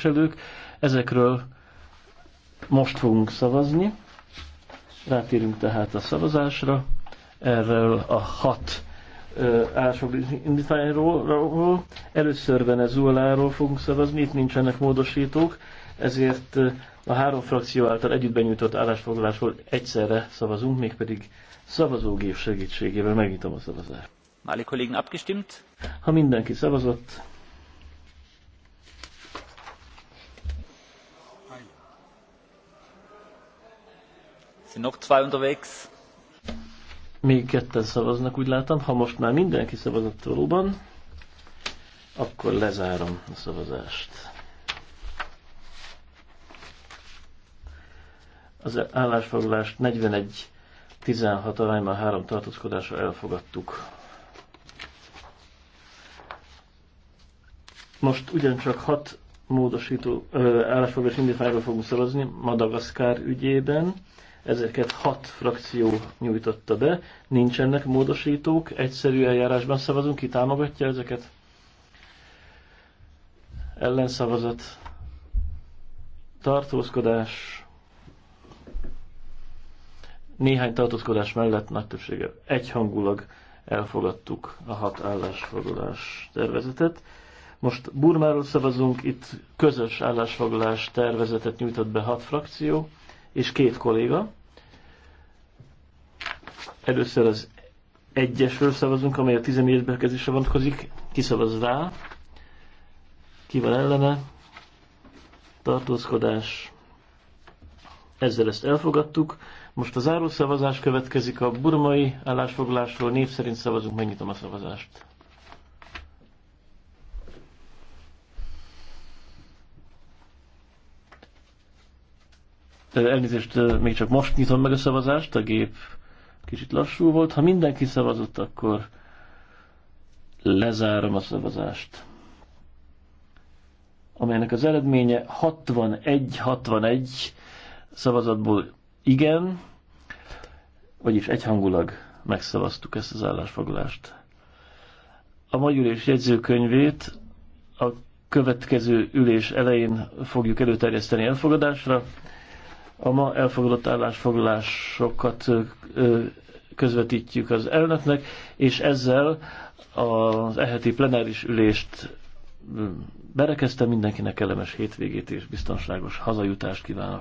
képviselők. Ezekről most fogunk szavazni. Rátérünk tehát a szavazásra. Erről a hat ásogli indítványról. Először Venezueláról fogunk szavazni, itt nincsenek módosítók, ezért a három frakció által együtt benyújtott állásfoglalásról egyszerre szavazunk, mégpedig szavazógép segítségével megnyitom a szavazást. Alle abgestimmt? Ha mindenki szavazott, Sind noch zwei unterwegs? Még ketten szavaznak, úgy látom. Ha most már mindenki szavazott valóban, akkor lezárom a szavazást. Az állásfoglalást 41-16 arányban három tartózkodásra elfogadtuk. Most ugyancsak hat módosító állásfoglalás indítványról fogunk szavazni Madagaszkár ügyében. Ezeket hat frakció nyújtotta be, nincsenek módosítók, egyszerű eljárásban szavazunk, ki támogatja ezeket? Ellenszavazat, tartózkodás, néhány tartózkodás mellett nagy többsége egyhangulag elfogadtuk a hat állásfoglalás tervezetet. Most Burmáról szavazunk, itt közös állásfoglalás tervezetet nyújtott be hat frakció és két kolléga. Először az egyesről szavazunk, amely a 14 bekezdésre vonatkozik. szavaz rá. Ki van ellene? Tartózkodás. Ezzel ezt elfogadtuk. Most a záró szavazás következik a burmai állásfoglalásról. Név szerint szavazunk, megnyitom a szavazást. elnézést, még csak most nyitom meg a szavazást, a gép kicsit lassú volt. Ha mindenki szavazott, akkor lezárom a szavazást. Amelynek az eredménye 61-61 szavazatból igen, vagyis egyhangulag megszavaztuk ezt az állásfoglalást. A mai ülés jegyzőkönyvét a következő ülés elején fogjuk előterjeszteni elfogadásra a ma elfogadott állásfoglalásokat közvetítjük az elnöknek, és ezzel az eheti plenáris ülést berekeztem mindenkinek kellemes hétvégét és biztonságos hazajutást kívánok.